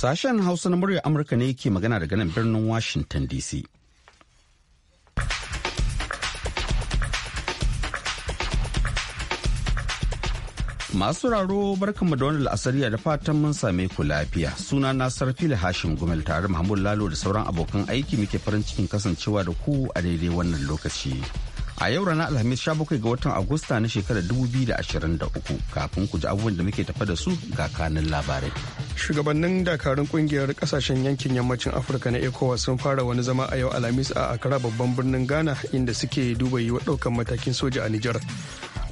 Sashen Hausa na muryar Amurka ne ke magana daga nan birnin Washington DC. Masu raro barkanmu da wani la'asariya da fatan mun same ku lafiya. Suna na Sarfila Hashim Gumel tare Mahmud Lalo da sauran abokan aiki muke farin cikin kasancewa da ku a daidai wannan lokaci. a yau rana alhamis 17 ga watan agusta na shekarar 2023 kafin ku ji abubuwan da muke tafa da su ga kanin labarai shugabannin dakarun kungiyar kasashen yankin yammacin afirka na ecowas sun fara wani zama a yau alhamis a akara babban birnin ghana inda suke duba yiwa daukan matakin soja a nijar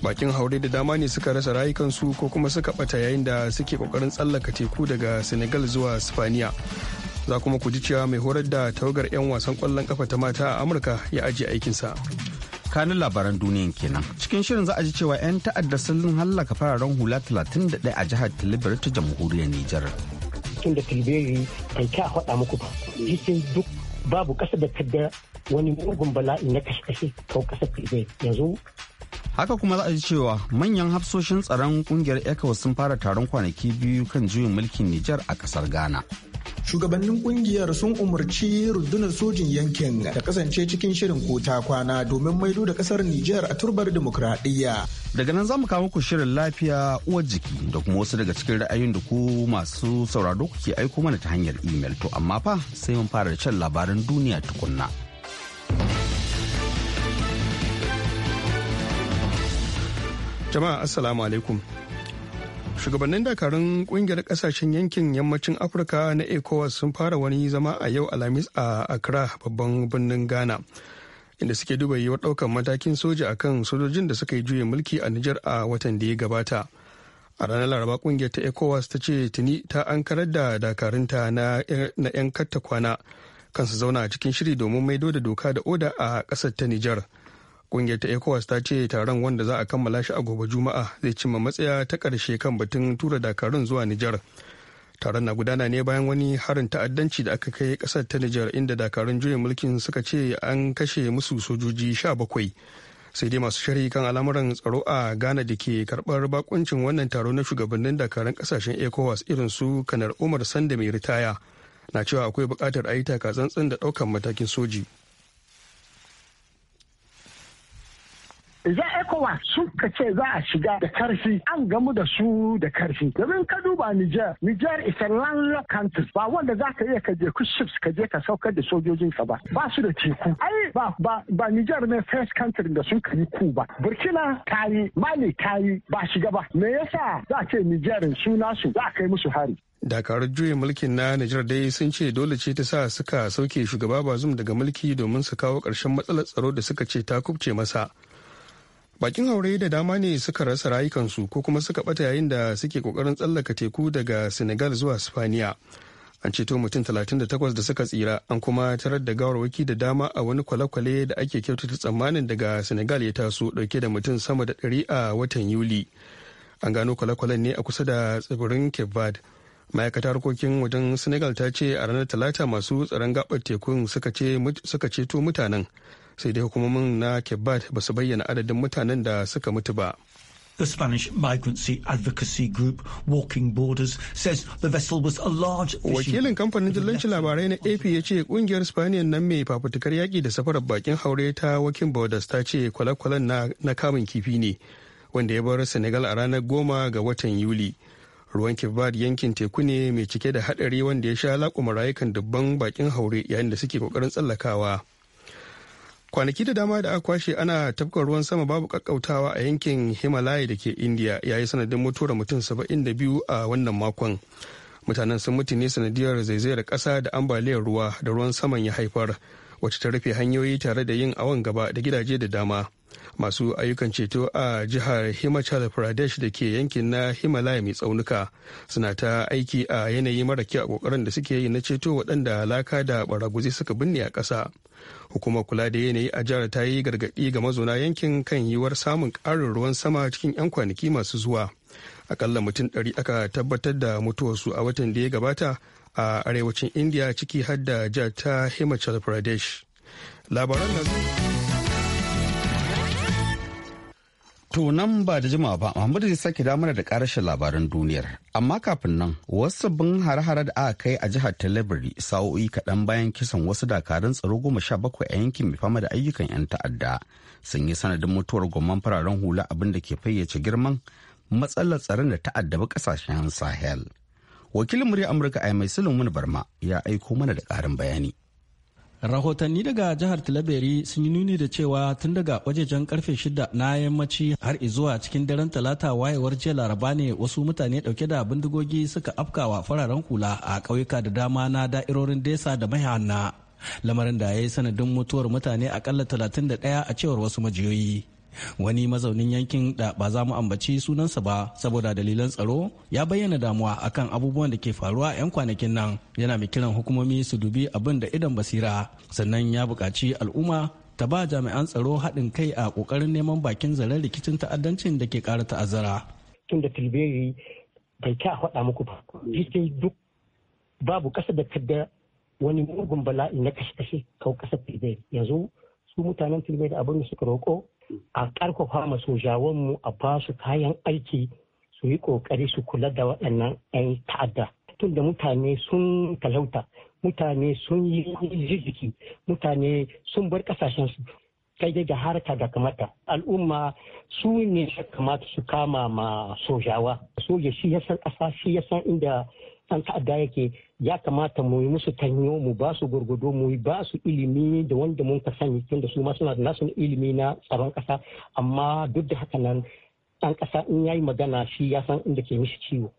bakin haure da dama ne suka rasa rayukansu ko kuma suka bata yayin da suke kokarin tsallaka teku daga senegal zuwa spaniya za kuma ku ji cewa mai horar da tawagar 'yan wasan kwallon kafa ta mata a amurka ya ajiye aikinsa kanin labaran duniyan kenan cikin shirin za a ji cewa 'yan ta'adda sun hallaka fararen hula 31 a jihar tilibir ta jamhuriyar nijar tun da tilibiri kan ta faɗa muku ba cikin duk babu kasa da kada wani mugun bala'i na kashe-kashe ko kasa tilibiri yanzu haka kuma za a ji cewa manyan hafsoshin tsaron kungiyar ecowas sun fara taron kwanaki biyu kan juyin mulkin nijar a kasar ghana shugabannin kungiyar sun umarci rundunar sojin yankin da kasance cikin shirin kota kwana domin maido da kasar nijar a turbar demokradiyya daga nan za mu kawo muku shirin lafiya uwar jiki da kuma wasu daga cikin ra'ayin da ku masu sauraro kuke aiko mana ta hanyar imel to amma fa sai mun fara da shan labaran duniya tukunna. jama'a assalamu alaikum shugabannin dakarun kungiyar kasashen yankin yammacin afirka na ecowas sun fara wani zama a yau alhamis a accra babban birnin ghana inda suke duba yiwuwar daukan matakin soja a kan sojojin da suka yi juye mulki a nijar a watan da ya gabata a ranar laraba kungiyar ta ecowas ta ce tuni ta ankarar da dakarunta na 'yan katta kwana kansu zauna a cikin shiri domin maido da doka da oda a kasar ta nijar Ƙungiyar ta ECOWAS ta ce taron wanda za a kammala shi a gobe Juma'a zai cimma matsaya ta ƙarshe kan batun tura dakarun zuwa Nijar. Taron na gudana ne bayan wani harin ta'addanci da aka kai ƙasar ta Nijar inda dakarun juyin mulkin suka ce an kashe musu sojoji sha bakwai. Sai dai masu shar'i kan al'amuran tsaro a Ghana da ke karbar bakuncin wannan taro na shugabannin dakarun kasashen ECOWAS irin su Kanar Umar Sanda mai ritaya na cewa akwai bukatar a yi takatsantsan da ɗaukan matakin soji. ya ECOWAS suka ce za a shiga da karfi an gamu da su da karfi domin ka duba Niger Niger is a landlocked country ba wanda za ka iya kaje je ku ships ka je ka saukar da sojojin ka ba ba su da teku ai ba ba ba Niger ne first country da sun kai ku ba Burkina tayi Mali tayi ba shiga ba me yasa za ce Niger su za kai musu hari dakarar juya mulkin na Nijar dai sun ce dole ce ta sa suka sauke shugaba bazum daga mulki domin su kawo ƙarshen matsalar tsaro da suka ce ta kubce masa bakin haure da dama ne suka rasa rayukansu ko kuma suka bata yayin da suke kokarin tsallaka teku daga senegal zuwa spaniya an ceto mutum 38 da suka tsira an kuma tarar da gawarwaki da dama a wani kwale-kwale da ake kyautata tsammanin daga senegal ya taso dauke da mutum sama da 100 a watan yuli an gano kwale-kwalen ne a kusa da tsibirin cape verde ma'aikatar harkokin wajen senegal ta ce a ranar talata masu tsaron gabar tekun suka ceto mutanen sai dai hukumomin na kebbat ba su bayyana adadin mutanen da suka mutu ba The Spanish Migrancy Advocacy Group Walking Borders says the vessel was a large Wakilin kamfanin dillanci labarai na AP ya ce kungiyar Spaniya nan mai fafutukar yaki da safarar bakin haure ta Walking Borders ta ce kwale-kwalen na kamun kifi ne wanda ya bar Senegal a ranar goma ga watan Yuli. Ruwan Kibbad yankin teku ne mai cike da haɗari wanda ya sha laƙuma rayukan dubban bakin haure yayin da suke ƙoƙarin tsallakawa. kwanaki da dama da aka kwashe ana tafkar ruwan sama babu kakkautawa a yankin himalaya da ke india yayi sanadin mutuwar mutum 72 a wannan makon mutanen sun mutu ne sanadiyar zaizayar kasa da ambaliyar ruwa da ruwan saman ya haifar wacce ta rufe hanyoyi tare da yin awon gaba da gidaje da dama masu ayyukan ceto a jihar himachal pradesh da ke yankin na himalaya mai tsaunuka suna ta aiki a yanayi mara kyau a kokarin da suke yi na ceto waɗanda laka da baraguzi suka binne a ƙasa hukumar kula da yanayi a jihar ta yi gargaɗi ga mazauna yankin kan yiwuwar samun ƙarin ruwan sama cikin 'yan kwanaki masu zuwa akalla mutum ɗari aka tabbatar da mutuwarsu a watan da ya gabata a arewacin indiya ciki har da jihar ta himachal pradesh labaran da To nan ba da jima ba, Muhammadu zai sake damar da karashin labaran duniyar. Amma kafin nan, wasu sabbin har-hare da aka kai a jihar Talabari sa'o'i kaɗan bayan kisan wasu dakarun tsaro goma sha bakwai a yankin mai fama da ayyukan 'yan ta'adda sun yi sanadin mutuwar gomman fararen hula abin da ke fayyace girman matsalar tsaron da ta'addaba kasashen Sahel. Wakilin murya Amurka a mai Sulaiman Barma ya aiko mana da ƙarin bayani. rahotanni daga jihar tilaberi sun yi nuni da cewa tun daga wajejen karfe shida na yammaci har zuwa cikin daren talata wayewar jiya laraba ne wasu mutane dauke da bindigogi suka afkawa fararen kula a kauyuka da dama na da'irorin desa da mahanna lamarin da ya yi sanadin mutuwar mutane akalla 31 a cewar wasu majiyoyi wani mazaunin yankin da ba za mu ambaci sunansa ba saboda dalilan tsaro ya bayyana damuwa akan abubuwan da ke faruwa 'yan kwanakin nan yana mai kiran hukumomi su dubi abin da idan basira sannan ya bukaci al'umma ta ba jami'an tsaro haɗin kai a ƙoƙarin neman bakin zaren rikicin ta'addancin da ke kara ta'azzara. tun da tilberi bai ta faɗa muku ba sai duk babu ƙasa da kadda wani mugun bala'i na kashe-kashe kau ƙasa tilberi yanzu su mutanen da abin da suka roƙo a ƙarfafa ma jawonmu a ba su kayan aiki su yi ƙoƙari su kula da waɗannan 'yan ta'adda tun da mutane sun talauta mutane sun yi jijiki mutane sun bar ƙasashensu kai da harka da kamata al'umma su ne ya kamata su kama ma sojawa soja shi ya san ƙasa shi ya san inda ɗan ta'adda yake ya kamata mu yi musu tanyo mu ba su gurgudo mu ba su ilimi da wanda mun ka sani tunda su ma suna da nasu ilimi na tsaron ƙasa amma duk da haka nan ɗan ƙasa in ya yi magana shi ya san inda ke mishi ciwo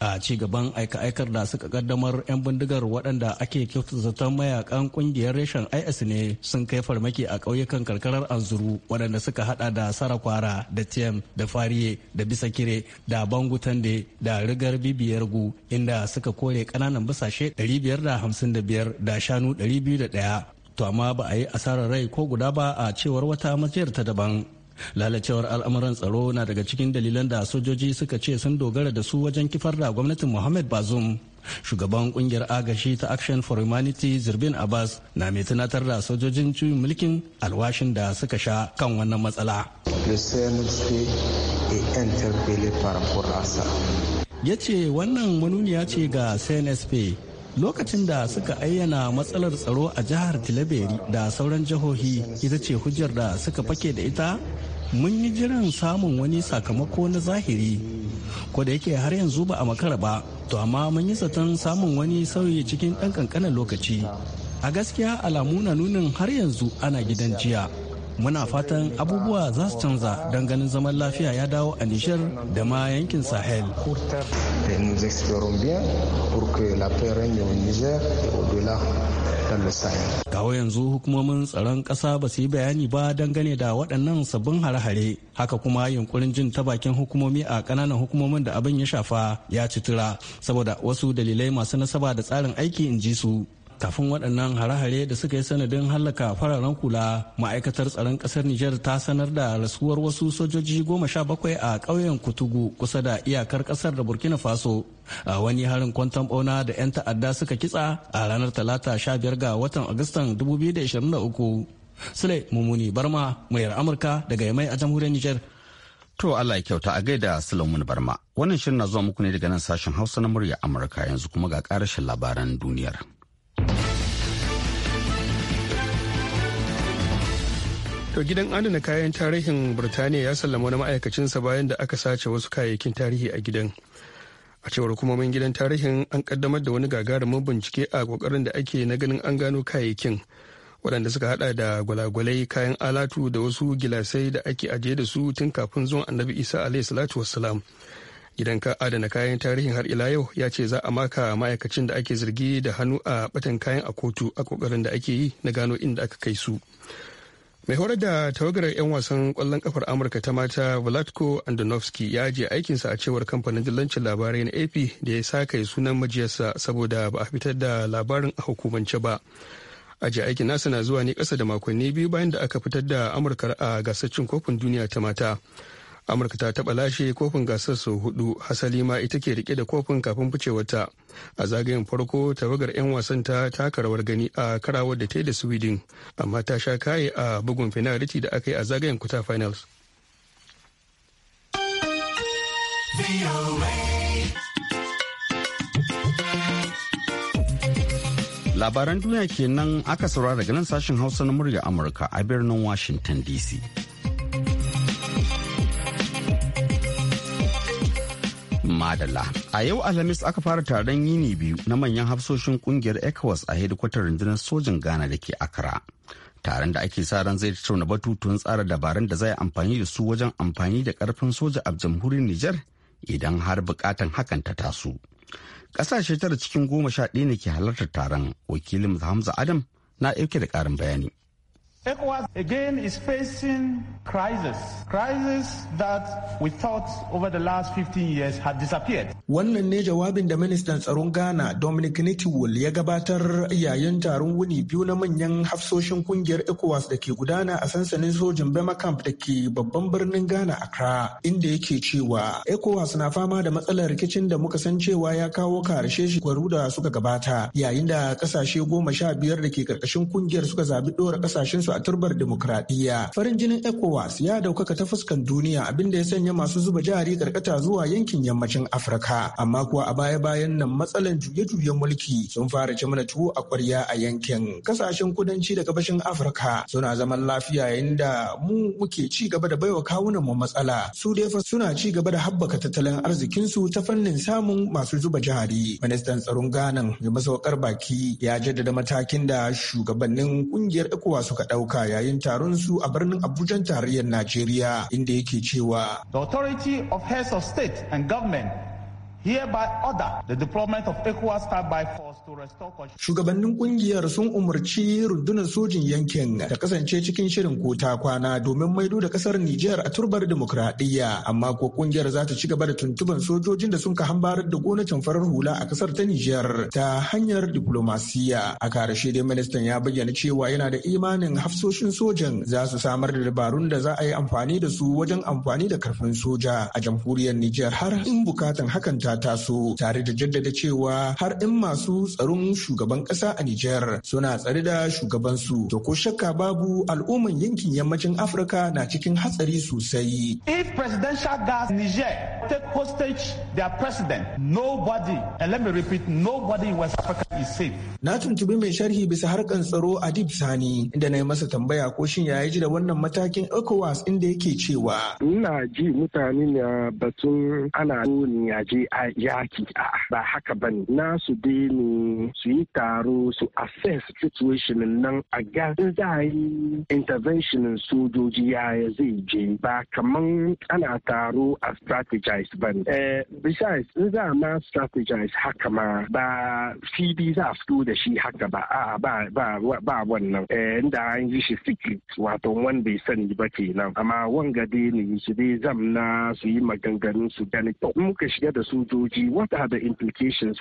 a ci gaban aika-aikar da suka kaddamar 'yan bindigar waɗanda ake kyautata mayakan kungiyar reshen is ne sun kai farmaki a ƙauyukan karkarar anzuru waɗanda suka hada da sarakwara da tiyam da fariye da bisa da bangutande da rigar bibiyar gu inda suka kore ƙananan bisashe 555 da shanu 201 to amma ba a yi asarar rai ko guda ba a cewar wata majiyar ta daban lalacewar al'amuran tsaro na daga cikin dalilan da sojoji suka ce sun dogara da su wajen kifar da gwamnatin muhammad bazum shugaban kungiyar agashi ta action for humanity zirbin abbas na mai tunatar da sojojin juyin mulkin alwashin da suka sha kan wannan matsala ya ce wannan manuniya ce ga cnsp lokacin da suka ayyana matsalar tsaro a jihar tilaberi da sauran jihohi ita ce hujjar da suka fake da ita mun yi jiran samun wani sakamako na zahiri ko da yake har yanzu ba a makara ba to amma mun yi zaton samun wani sauyi cikin ɗan ƙanƙanin lokaci a gaskiya alamu na nunin har yanzu ana gidan jiya muna fatan abubuwa za su canza don ganin zaman lafiya ya dawo a nishar da ma yankin sahel kawo yanzu hukumomin tsaron kasa ba su yi bayani ba dangane da waɗannan sabbin hare-hare haka kuma yunkurin jin ta bakin hukumomi a ƙananan hukumomin da abin ya shafa ya ci tura saboda wasu dalilai masu nasaba da tsarin aiki in ji su kafin waɗannan hare-hare da suka yi sanadin hallaka fararen kula ma'aikatar tsaron ƙasar nijar ta sanar da rasuwar wasu sojoji goma sha bakwai a ƙauyen kutugu kusa da iyakar ƙasar da burkina faso a wani harin kwantan bauna da 'yan ta'adda suka kitsa a ranar talata sha biyar ga watan agustan 2023 Sule Mumuni Barma, muryar Amurka daga Yamai a jamhuriyar Nijar. To Allah ya kyauta a gaida Sulaimun Barma. Wannan shirin na zuwa muku ne daga nan sashen Hausa na murya Amurka yanzu kuma ga karashin labaran duniyar. To gidan adana kayan tarihin Birtaniya ya sallama wani ma'aikacinsa bayan da aka sace wasu kayayyakin tarihi a gidan. A cewar hukumomin gidan tarihin an kaddamar da wani gagarumin bincike a kokarin da ake na ganin an gano kayayyakin waɗanda suka hada da gwalagwalai kayan alatu da wasu gilasai da ake ajiye da su tun kafin zuwan annabi isa alayhi salatu wassalam gidan ka adana kayan tarihin har ila yau ya ce za a maka ma'aikacin da ake zargi da hannu a batan kayan a kotu a kokarin da ake yi na gano inda aka kai su mai horar da tawagar 'yan wasan kwallon kafar amurka ta mata vladko andonovski ya je aikinsa a cewar kamfanin dillancin labarai na ap da ya saka sunan majiyarsa saboda ba a fitar da labarin a hukumance ba ajiye aikin nasa na zuwa ne kasa da makonni biyu bayan da aka fitar da amurka a gasar cin kofin duniya ta mata amurka ta taba lashe kofin gasar sau hudu hasali ma ita ke rike da kofin kafin ficewarta a zagayen farko tawagar 'yan wasan ta taka rawar gani a karawar da ta da sweden amma ta sha kaye a bugun finality da aka yi a zagayen kuta finals labaran duniya kenan aka saurara daga nan sashen hausa na murya amurka a birnin washington dc Madalla. A yau Alhamis aka fara taron yini biyu na manyan hafsoshin kungiyar ECOWAS a hedikwatar rundunar sojin Ghana da ke Accra. Taron da ake sa ran zai tattauna batutun tsara dabarun da zai amfani da su wajen amfani da karfin soja a jamhuriyar Nijar idan har bukatan hakan ta taso. Kasashe tara cikin goma sha ɗaya ne ke halartar taron wakilin Hamza Adam na ɗauke da ƙarin bayani. ECOWAS again is facing crisis, crisis that we thought over the last 15 years had disappeared. Wannan ne jawabin da ministan tsaron Ghana Dominic Nitiwol ya gabatar yayin taron wuni biyu na manyan hafsoshin kungiyar ECOWAS da ke gudana a sansanin sojin Bema Camp da ke babban birnin Ghana Accra inda yake cewa ECOWAS na fama da matsalar rikicin da muka san cewa ya kawo karshe shekaru da suka gabata yayin da kasashe goma sha biyar da ke karkashin kungiyar suka zabi ɗora kasashen su a turbar demokradiyya farin jinin ecowas ya daukaka ta fuskan duniya abinda ya sanya masu zuba jari karkata zuwa yankin yammacin afirka amma kuwa a baya bayan nan matsalan juye-juyen mulki sun fara ci mana tuwo a kwarya a yankin kasashen kudanci da gabashin afirka suna zaman lafiya yayin da mu muke ci gaba da baiwa kawunan mu matsala su dai fa suna ci gaba da haɓaka tattalin arzikinsu ta fannin samun masu zuba jari ministan tsaron ghana mai masaukar baki ya jaddada matakin da shugabannin kungiyar ecowas suka ɗau. dauka yayin taron su a birnin Abuja tarayyar Najeriya inda yake cewa. The authority of heads of state and government Shugabannin kungiyar sun umarci rundunar sojin yankin da kasance cikin shirin kota kwana domin maido da kasar Nijar a turbar demokradiyya amma ko kungiyar za ta ci gaba da tuntuban sojojin da sun ka hambarar da gwamnatin farar hula a kasar ta Nijar ta hanyar diplomasiya. A karshe dai ministan ya bayyana cewa yana da imanin hafsoshin sojan za su samar da dabarun da za a yi amfani da su wajen amfani da karfin soja a jamhuriyar Nijar har in bukatan hakan ta fusata tare da jaddada cewa har in masu tsaron shugaban kasa a Nijar suna tsare da shugabansu to ko shakka babu al'umman yankin yammacin Afirka na cikin hatsari sosai. If presidential guards Niger take hostage their president, nobody, and let me repeat, nobody in West Africa is safe. Na tuntubi mai sharhi bisa harkan tsaro Adib Sani inda na yi masa tambaya ko shin ya ji da wannan matakin ECOWAS inda yake cewa. Ina ji mutane na batun ana nuni a je a yaki a ba haka bane Na su ne su yi taro su assess situation nan a ga in za yi intervention sojoji ya zai je ba kaman ana taro a strategize ba ne eh, besides in za ma strategize haka ma ba fili za a fito da shi haka ba a ba wannan eh inda an yi shi secret wato wanda bai sani ba kenan amma wanga dai ne su dai zamna su yi maganganun su gani to muka shiga da su ka'idoji what are the implications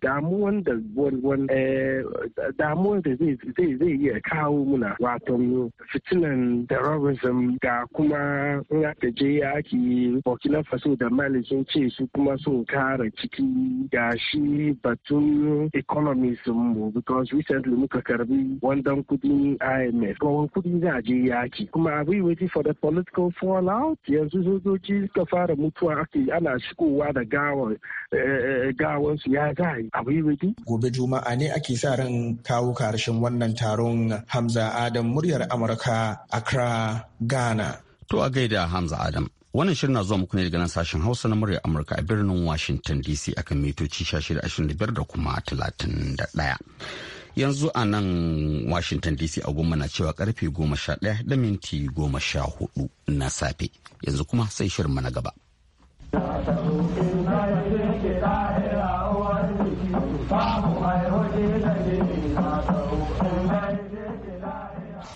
damuwan da eh, damuwan da zai zai iya kawo muna wato fitinan terrorism ga kuma in aka je yaki burkina faso da mali sun ce su kuma sun kara ciki ga shi batun economy mu because recently muka karbi wandan kudin imf kuma kudi za a je yaki kuma are we waiting for the political fallout yanzu sojoji suka fara mutuwa ake ana shigowa da wa eh, eh, gawansu ya za a yi Gobe Juma'a ne ake sa ran kawo karshen wannan taron Hamza Adam muryar Amurka Accra Ghana. To a gaida Hamza Adam. Wannan shirin na zuwa muku ne daga nan sashen Hausa na muryar Amurka a birnin Washington DC a akan mitoci 1625 da kuma 31. Yanzu a nan Washington DC a goma na cewa karfe ɗaya da minti goma sha hudu na safe. Yanzu kuma sai shirin na gaba. Thank you.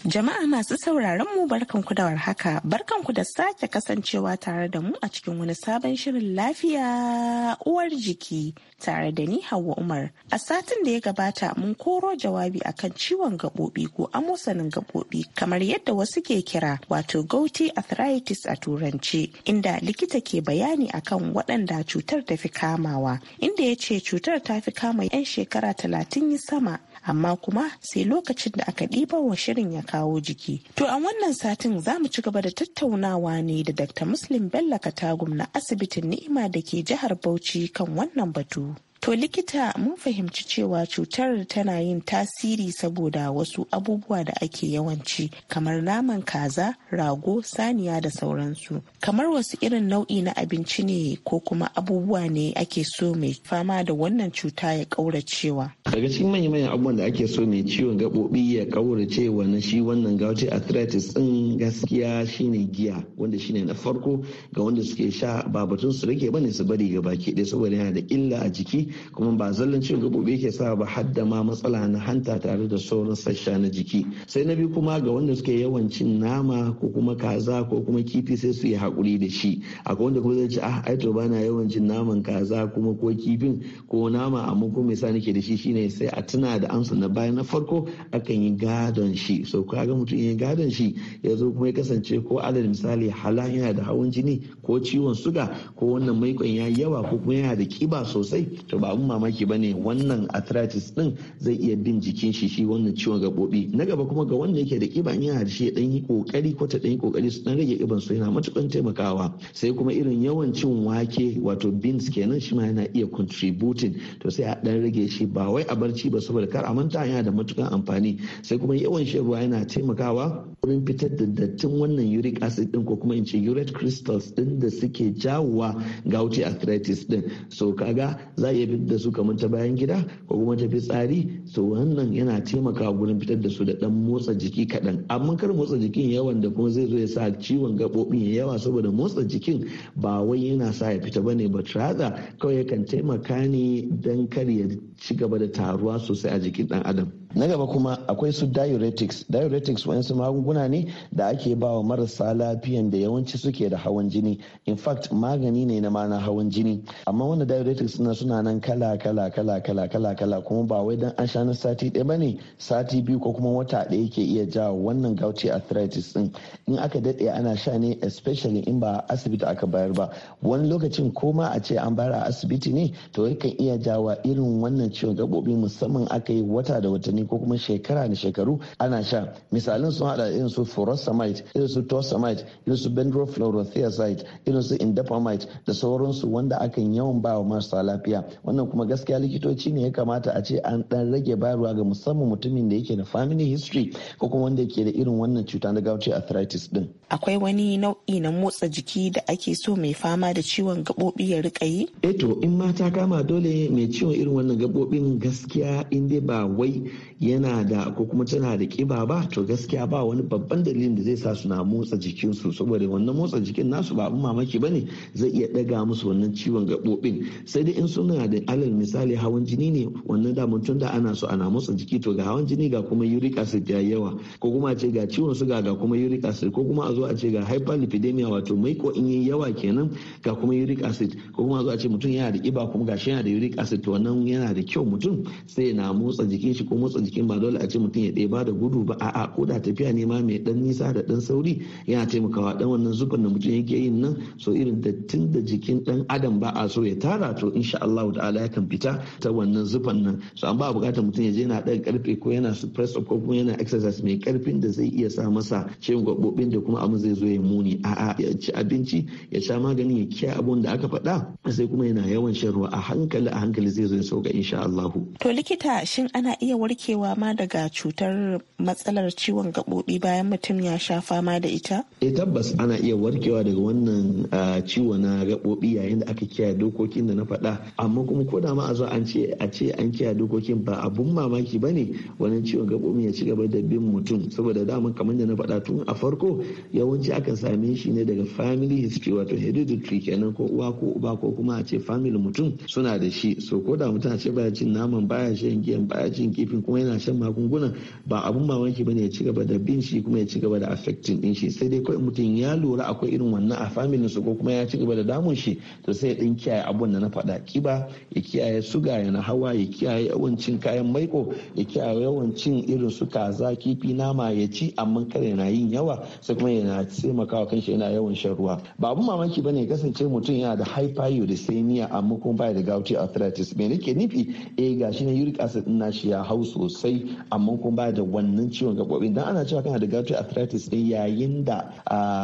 Jama'a masu sauraron mu barkanku da warhaka, barkanku da sake kasancewa tare da mu a cikin wani sabon shirin lafiya uwar jiki tare da ni Hauwa Umar. A satin da ya gabata mun koro jawabi akan ciwon gaɓoɓi ko amosanin gaɓoɓi kamar yadda wasu ke kira wato gouty arthritis a turanci inda likita ke bayani akan waɗanda cutar ta fi kamawa inda ya ce cutar ta fi kama 'yan shekara talatin sama amma kuma sai lokacin da aka ɗiba wa shirin ya kawo jiki. To a wannan satin za mu ci gaba da tattaunawa ne da Dr. Muslim Bello Katagum na asibitin Ni'ima da ke jihar Bauchi kan wannan batu. To likita mun fahimci cewa cutar tana yin tasiri saboda wasu abubuwa da ake yawanci kamar naman kaza, rago, saniya da sauransu. Kamar wasu irin nau'i na abinci ne ko kuma abubuwa ne ake so mai fama da wannan cuta ya kauracewa. Daga cikin manya-manyan abubuwan da ake so mai ciwon gaɓoɓi ya kauracewa na shi wannan gauti arthritis ɗin gaskiya shine giya wanda shine na farko ga wanda suke sha ba batun su rage bane su bari ga baki ɗaya saboda yana da illa a jiki kuma ba zallan cin gabobi yake sa ba hadda ma matsala na hanta tare da sauran sassa na jiki sai na biyu kuma ga wanda suke yawan cin nama ko kuma kaza ko kuma kifi sai su yi haƙuri da shi akwai wanda kuma zai ce ah ai to bana yawan cin naman kaza kuma ko kifin ko nama amma ko me sa nake da shi shine sai a tuna da amsa na baya na farko akan yi gadon shi so kaga mutum yin gadon shi ya zo kuma ya kasance ko alal misali hala yana da hawan jini ko ciwon suga ko wannan maikon ya yawa ko kuma yana da kiba sosai to ba abun mamaki ba ne wannan arthritis din zai iya bin jikin shi shi wannan ciwon gabobi na gaba kuma ga wanda yake da kiba in yana da shi ya dan yi kokari ko ta dan yi kokari su dan rage kiban su yana matukan taimakawa sai kuma irin yawan cin wake wato beans kenan shi ma yana iya contributing to sai a dan rage shi ba wai a barci ba saboda kar a manta yana da matukan amfani sai kuma yawan shan ruwa yana taimakawa wurin fitar da dattin wannan uric acid din ko kuma in ce urate crystals din da suke jawowa gouty arthritis din so kaga za a iya fitar da su kamar ta bayan gida ko kuma ta tsari so wannan yana taimakawa gurin fitar da su da dan motsa jiki kaɗan amma kar motsa jikin yawan da kuma zai zo ya sa ciwon gaɓoɓin ya yawa saboda motsa jikin ba wai yana sa ya fita bane ba rather kawai yakan taimaka ne dan kar ya ci gaba da taruwa sosai a jikin dan adam na gaba kuma akwai su diuretics diuretics waɗansu magunguna ne da ake ba wa marasa lafiyan da yawanci suke da hawan jini in fact magani ne na mana hawan jini amma wanda diuretics na suna nan kala kala kala kala kala kala kuma ba wai dan an sha na sati ɗaya bane sati biyu ko kuma wata ɗaya ke iya jawo wannan gauti arthritis din in aka daɗe ana sha ne especially in ba asibiti aka bayar ba wani lokacin ko ma a ce an bayar a asibiti ne to yakan iya jawa irin wannan ciwon gaɓoɓi musamman aka yi wata da watanni zamani ko kuma shekara da shekaru ana sha misalin sun hada irin su furosamide irin su tosamide irin su bendrofluorothiazide irin su indapamide da sauransu wanda akan yawan ba wa marasa lafiya wannan kuma gaskiya likitoci ne ya kamata a ce an dan rage bayarwa ga musamman mutumin da yake da family history ko kuma wanda yake da irin wannan cuta na gouty arthritis din akwai wani nau'i na motsa jiki da ake so mai fama da ciwon gabobi ya rika yi eh to in mata kama dole mai ciwon irin wannan gabobin gaskiya in ba wai yana da ko kuma tana da kiba ba to gaskiya ba wani babban dalilin da zai sa su na motsa jikinsu saboda wannan motsa jikin nasu ba abin mamaki ba ne zai iya daga musu wannan ciwon gabobin sai dai in suna da alal misali hawan jini ne wannan da mutum da ana so ana motsa jiki to ga hawan jini ga kuma uric acid ya yawa ko kuma a ce ga ciwon suga ga kuma uric acid ko kuma a zo a ce ga hyperlipidemia wato ko in yayi yawa kenan ga kuma uric acid ko kuma a zo a ce mutum yana da kiba kuma shi yana da uric acid to wannan yana da kyau mutum sai na motsa jikin shi ko motsa jikin ba dole a ce mutum ya ɗeba da gudu ba a'a ko da tafiya ne ma mai ɗan nisa da dan sauri yana taimakawa dan wannan zufan da mutum yake yin nan so irin dattin da jikin dan adam ba a so ya tara to insha Allah ta'ala yakan fita ta wannan zufan nan so an ba bukatar mutum ya je yana ɗan karfe ko yana press up ko kuma yana exercise mai karfin da zai iya sa masa ciwon gabobin da kuma abin zai zo ya muni a'a ya ci abinci ya sha magani ya kiyaye abun da aka faɗa sai kuma yana yawan shan ruwa a hankali a hankali zai zo ya sauka insha Allah to likita shin ana iya warkewa warkewa ma daga cutar matsalar ciwon gaɓoɓi bayan mutum ya sha fama da ita? E tabbas ana iya warkewa daga wannan ah, ciwo na gaɓoɓi yayin da aka kiyaye dokokin da na faɗa. Amma kuma ko da ma a zo an ce a ce an kiyaye dokokin ba abun mamaki ba ne wannan ciwon gaɓoɓi ya ci gaba da bin mutum saboda dama kamar da na faɗa tun a farko yawanci akan same shi ne daga family history wato hereditary kenan ko uwa ko uba ko kuma a ce family mutum suna da shi so ko da mutum a ce baya cin naman baya shan giyan baya cin kifin kuma yana yana shan magungunan ba abun mamaki bane ya ci gaba da bin shi kuma ya ci gaba da affecting din shi sai dai kawai mutum ya lura akwai irin wannan a family su ko kuma ya ci gaba da damun shi to sai ya din kiyaye abun da na faɗa kiba ya kiyaye suga ya na hawa ya kiyaye yawan cin kayan maiko ya kiyaye yawan cin irin su kaza kifi nama ya ci amma kada yana yin yawa sai kuma yana taimakawa kanshi yana yawan shan ruwa ba abun mamaki bane kasance mutum yana da hyperuricemia amma kuma baya da gouty arthritis me nake nufi eh gashi na uric acid din shi ya hau sosai sosai amma kuma ba da wannan ciwon gaɓoɓi dan ana cewa kana da gouty arthritis din yayin da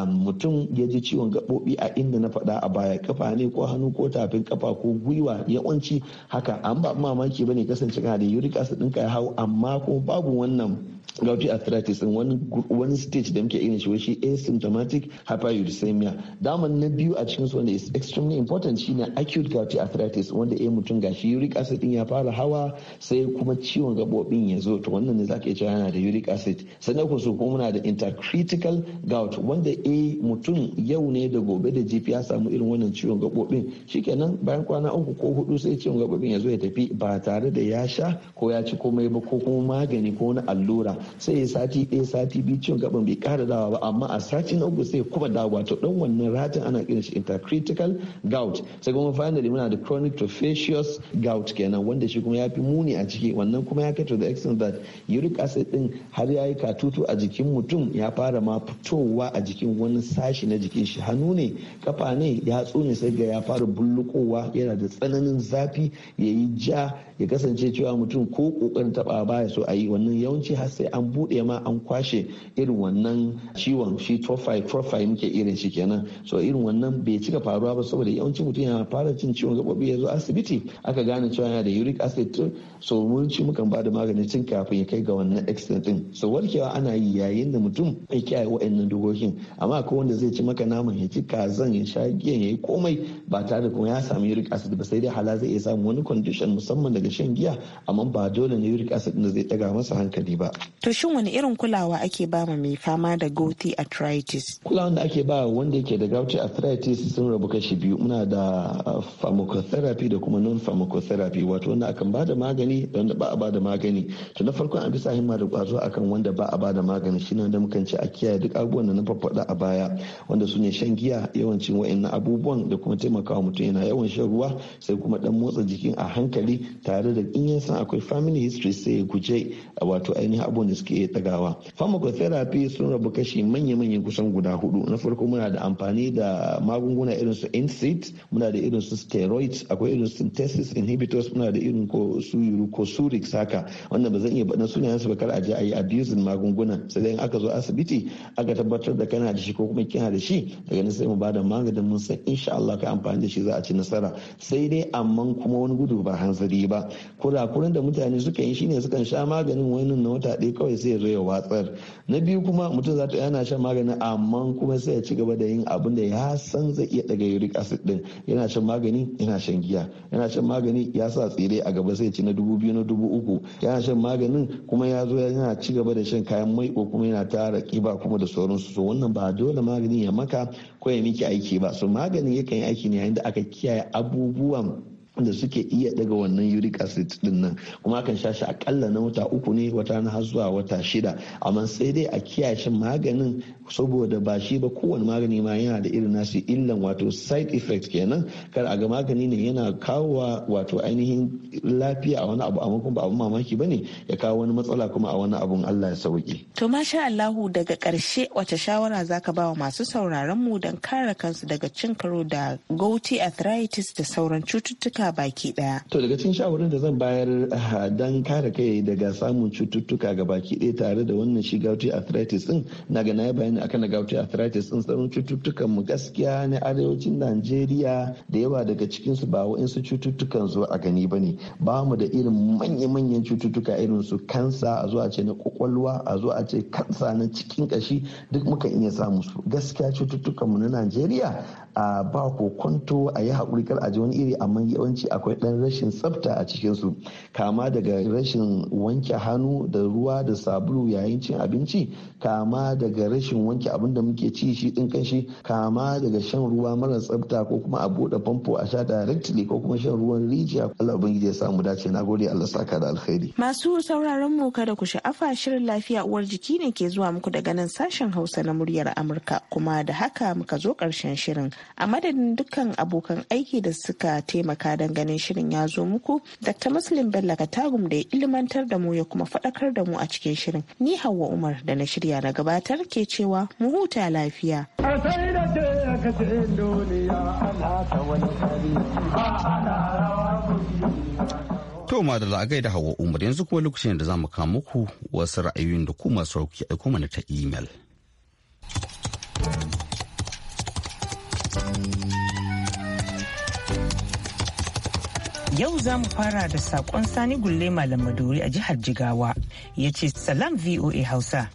mutum ya ji ciwon gaɓoɓi a inda na faɗa a baya kafa ne ko hannu ko tafin kafa ko gwiwa yawanci haka an ba mamaki bane kasance kana da uric acid ɗinka ya hau amma kuma babu wannan gouty arthritis in wani stage da muke irin shi asymptomatic hyperuricemia daman na biyu a cikin su wanda is extremely important shine acute gouty arthritis wanda eh mutum gashi uric acid din ya fara hawa sai kuma ciwon gabobin ya zo to wannan ne zaka iya yana da uric acid sannan ku so kuma muna da intercritical gout wanda eh mutum yau ne da gobe da jifi ya samu irin wannan ciwon gabobin shikenan bayan kwana uku ko hudu sai ciwon gabobin ya zo ya tafi ba tare da ya sha ko ya ci komai ba ko kuma magani ko na allura sai sati ɗaya sati biyu ciwon gaban bai ƙara dawa ba amma a sati na uku sai kuma dawa wato dan wannan ratin ana kiran shi intercritical gout sai kuma finally muna da chronic tophaceous gout kenan wanda shi kuma ya fi muni a ciki wannan kuma ya kai to the extent that uric acid din har ya yi katutu a jikin mutum ya fara ma fitowa a jikin wani sashi na jikin shi hannu ne kafa ne ya tsone sai ga ya fara bullukowa yana da tsananin zafi ya yi ja ya kasance cewa mutum ko kokarin taba baya so a yi wannan yawanci har sai an buɗe ma an kwashe irin wannan ciwon shi trophy trophy muke irin shi kenan so irin wannan bai cika faruwa ba saboda yawancin mutum yana fara cin ciwon gaɓoɓi ya zo asibiti aka gane cewa yana da uric acid so mun ci mukan ba da magani tun kafin ya kai ga wannan accident din so warkewa ana yi yayin da mutum ya kiyaye wa'annan dokokin amma akwai wanda zai ci maka naman ya ci kazan ya sha giyan ya yi komai ba tare da kuma ya samu uric acid ba sai dai hala zai iya samun wani condition musamman daga shan giya amma ba dole ne uric acid da zai daga masa hankali ba To shin wani irin kulawa ake ba ma mai fama da gouty arthritis? Kulawan da ake ba wanda yake da gouty arthritis sun rabu kashi biyu muna da uh, pharmacotherapy da kuma non pharmacotherapy wato wanda akan ba da magani da wanda ba a ba da magani. To na farkon a bisa himma da kwazo akan wanda ba a ba da magani shine da mukan ce a kiyaye duk abubuwan da na faɗa a baya wanda su ne shan giya yawancin wa'annan abubuwan da kuma taimakawa mutum yana yawan shan ruwa sai kuma dan motsa jikin a hankali tare da in ya san akwai family history sai ya guje wato ainihin abubuwan suke tagawa pharmacotherapy sun rabu kashi manya-manyan kusan guda hudu na farko muna da amfani da magunguna irin su NSAID muna da irin su steroids akwai irin synthesis inhibitors muna da irin ko su uricosuric saka wanda ba zan iya baɗin sunayen su ba kar a je a abusing magunguna sai dai aka zo asibiti aka tabbatar da kana da shi ko kuma kina da shi daga nan sai mu bada maganin mun san insha Allah ka amfani da shi za a ci nasara sai dai amma kuma wani gudu ba hanzari ba kurakuran da mutane suka yi shine sukan sha maganin wani na wata ɗaya kawai sai ya zo ya watsar na biyu kuma mutum za ta yana shan magani amma kuma sai ya ci gaba da yin abin da ya san zai iya daga uric acid din yana shan magani yana shan giya yana shan magani ya sa tsire a gaba sai ci na dubu biyu na dubu uku yana shan maganin kuma ya zo yana ci gaba da shan kayan mai ko kuma yana tara kiba kuma da sauransu so wannan ba dole maganin ya maka ko ya miki aiki ba su maganin yakan yi aiki ne yayin da aka kiyaye abubuwan da suke iya daga wannan uric acid din nan kuma kan sha shi akalla na wata uku ne wata na har zuwa wata shida amma sai dai a kiyaye maganin saboda ba shi ba kowane magani ma yana da irin nasu illan wato side effect kenan kar a ga magani ne yana kawo wato ainihin lafiya a wani abu amma kuma ba abun mamaki bane ya kawo wani matsala kuma a wani abun Allah ya sauke to masha Allahu daga karshe wace shawara zaka ba wa masu sauraron mu don kare kansu daga cin karo da gouty arthritis da sauran cututtuka duniya baki daya. To daga cikin shawarar da zan bayar ah, don kare kai daga samun cututtuka ga baki daya tare da wannan shi gouty arthritis din na ga na bayani akan gouty arthritis din tsaron cututtukan mu gaskiya na arewacin Najeriya da yawa daga cikin su ba wa'insu cututtukan zo a gani bane ba mu da irin manya-manyan cututtuka irin su kansa a zuwa ce na kwakwalwa a zuwa a ce kansa na cikin kashi duk muka iya samu su gaskiya cututtukan mu na Najeriya a ba kokonto a yi haƙuri kar a ji wani iri amma yawanci akwai ɗan rashin tsafta a cikinsu kama daga rashin wanke hannu da ruwa da sabulu yayin cin abinci kama daga rashin wanke abin da muke ci shi ɗin kanshi kama daga shan ruwa mara tsafta ko kuma a buɗe famfo a sha directly ko kuma shan ruwan rijiya Allah ubangiji ya samu dace na gode Allah saka da alkhairi masu sauraron mu kada ku sha'afa shirin lafiya uwar jiki ne ke zuwa muku daga nan sashen Hausa na muryar Amurka kuma da haka muka zo karshen shirin a madadin dukkan abokan aiki da suka taimaka don ganin shirin ya zo muku dr muslim bello katagum da ya ilimantar da mu ya kuma faɗakar da mu a cikin shirin ni hawa umar da na shirya na gabatar ke cewa mu huta lafiya To da a da hawa umar yanzu kuma lokacin da za mu kawo muku wasu ra'ayoyin da ku masu aiko mana ta imel. Yau za mu fara da saƙon Sani Gulle Malam Maduri a jihar Jigawa. Ya ce, Salam VOA Hausa.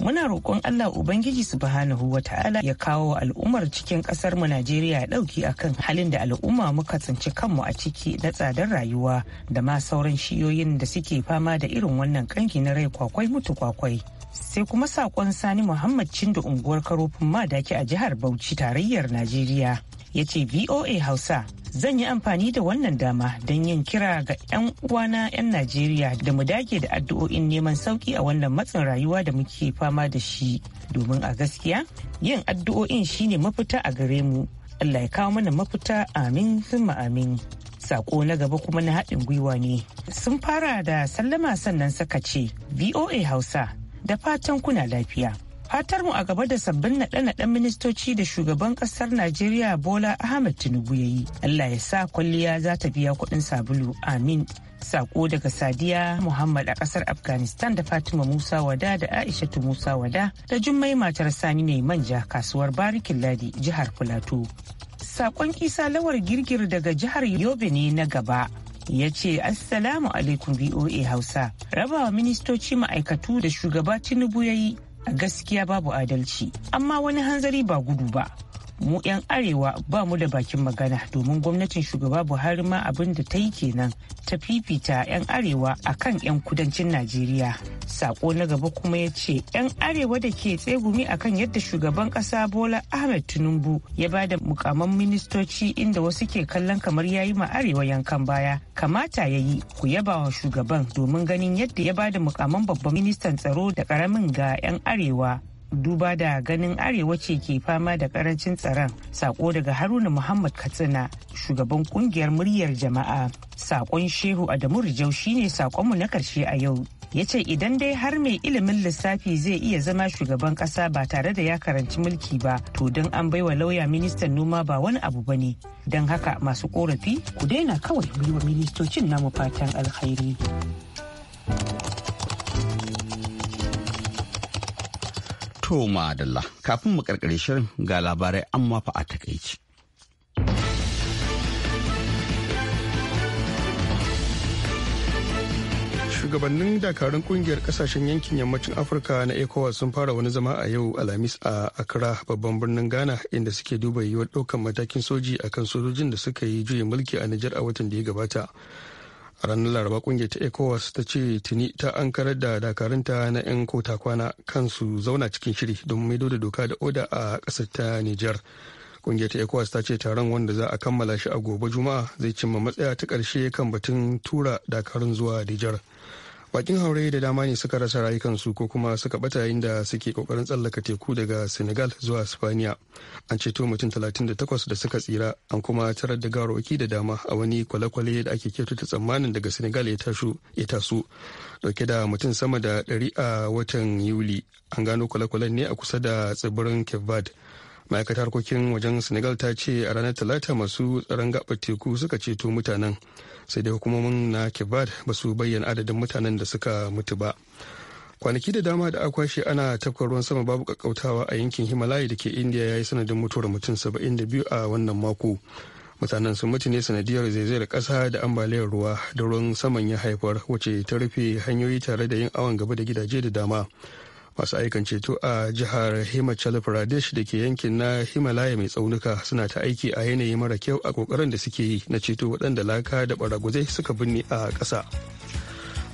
Muna roƙon Allah Ubangiji Subhanahu wa ta'ala ya kawo al'ummar cikin ƙasar mu Najeriya ya ɗauki kan halin da al'umma muka tsinci kanmu a ciki na tsadar rayuwa da ma sauran shiyoyin da suke fama da irin wannan kanki na rai kwakwai mutu kwakwai. sai kuma sakon sani muhammad cindo unguwar karofin madaki a jihar bauchi tarayyar najeriya ya ce voa hausa zan yi amfani da wannan dama don yin kira ga 'yan uwana 'yan najeriya da mu dage da addu'o'in neman sauki a wannan matsin rayuwa da muke fama da shi domin a gaskiya yin addu'o'in shine mafita a gare mu allah ya kawo mana mafita amin summa amin sako na gaba kuma na haɗin gwiwa ne sun fara da sallama sannan saka ce voa hausa da fatan kuna lafiya. Fatar mu a gaba da sabbin naɗe-naɗen ministoci da shugaban ƙasar Najeriya Bola Ahmed Tinubu ya yi. Allah ya sa kwalliya za ta biya kuɗin sabulu. Amin. Sako daga Sadiya Muhammad a ƙasar Afghanistan da Fatima Musa Wada da Aishatu Musa Wada da Jummai matar Sani mai manja kasuwar Barikin Ladi jihar Filato. Sakon kisa Lawar Girgir daga jihar Yobe ne na gaba. ya ce assalamu alaikum voa hausa rabawa ministoci ma'aikatu da shugaba tinubu ya yi a gaskiya babu adalci amma wani hanzari ba gudu ba mu 'yan arewa ba mu da bakin magana domin gwamnatin shugaba buhari ma abin da ta yi kenan ta fifita 'yan arewa a kan 'yan kudancin najeriya sako na gaba kuma ya ce 'yan arewa da ke tsegumi a kan yadda shugaban kasa bola ahmed tinubu ya ba da mukaman ministoci inda wasu ke kallon kamar ya yi ma arewa yankan baya kamata ya yi ku yaba wa shugaban domin ganin yadda ya ba da mukaman babban ministan tsaro da karamin ga 'yan arewa duba da ganin arewa ce ke fama da karancin tsaron sako daga haruna muhammad katsina shugaban kungiyar muryar jama'a sakon shehu adamu rijau shine sakonmu na karshe a yau ya ce idan dai har mai ilimin lissafi zai iya zama shugaban kasa ba tare da ya karanci mulki ba to don an baiwa lauya ministan noma ba wani abu ba ne don haka masu korafi ku daina kawai wa ministocin namu fatan alkhairi. To madalla kafin mu karkare shirin ga labarai amma fa a takaici. shugabannin dakarun kungiyar kasashen yankin yammacin afirka na ecowas sun fara wani zama a yau alhamis a accra babban birnin ghana inda suke duba yiwuwar ɗaukan matakin soji akan sojojin da suka yi juya mulki a nijar a watan da ya gabata a ranar laraba kungiyar ta ecowas ta ce tuni ta ankarar da dakarunta na 'yan kota kwana kansu zauna cikin shiri don maido da doka da oda a ƙasar ta niger kungiyar ta ecowas ta ce taron wanda za a kammala shi a gobe juma'a zai cimma matsaya ta karshe kan batun tura dakarun zuwa niger bakin haure da dama ne suka rasa rayukansu ko kuma suka bata yayin da suke kokarin tsallaka teku daga senegal zuwa spaniya an ceto mutum 38 da suka tsira an kuma tarar da gawarwaki da dama a wani kwale-kwale da ake kyautata tsammanin daga senegal ya taso dauke da mutum sama da 100 a watan yuli an gano kwale-kwalen ne a kusa da tsibirin cape verde ma'aikatar harkokin wajen senegal ta ce a ranar talata masu tsaron gaba teku suka ceto mutanen sai dai hukumomin na kibar ba su bayyana adadin mutanen da suka mutu ba kwanaki da dama da akwashe ana tafkar ruwan sama babu kakkautawa a yankin himalaya da ke indiya ya yi sanadin mutuwar mutum saba'in 72 a wannan mako mutanen sun mutu ne sanadiyar zaizayar kasa da ambaliyar ruwa da ruwan saman ya haifar wacce ta rufe hanyoyi tare da yin awon gaba da gidaje da dama masu aikan ceto a jihar himachal pradesh da ke yankin na himalaya mai tsaunuka suna ta aiki a yanayi mara kyau a kokarin da suke yi na ceto waɗanda laka da baraguzai suka binne a ƙasa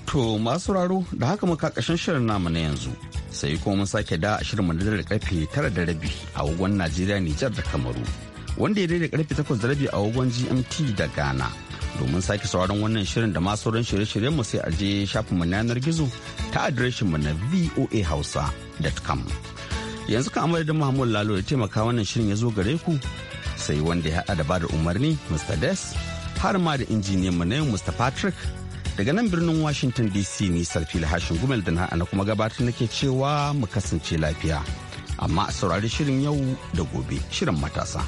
to masu raro da haka muka ƙashin shirin namu na yanzu sai kuma mun sake da a shirin mu da karfe tara da rabi a wagon najeriya nijar da kamaru wanda ya daidai karfe takwas da rabi a wagon gmt da ghana domin sake sauraron wannan shirin da masu sauran shirye-shiryen mu sai a je shafinmu na yanar gizo ta adireshin mu na voahausa.com yanzu kan amurda mahmud lalo da taimaka wannan shirin ya zo gare ku sai wanda ya haɗa da bada umarni mr des har ma da injiniyan mu na yau mr patrick daga nan birnin washington dc ni sarfil hashin gumel da na kuma gabatar nake cewa mu kasance lafiya amma a saurari shirin yau da gobe shirin matasa.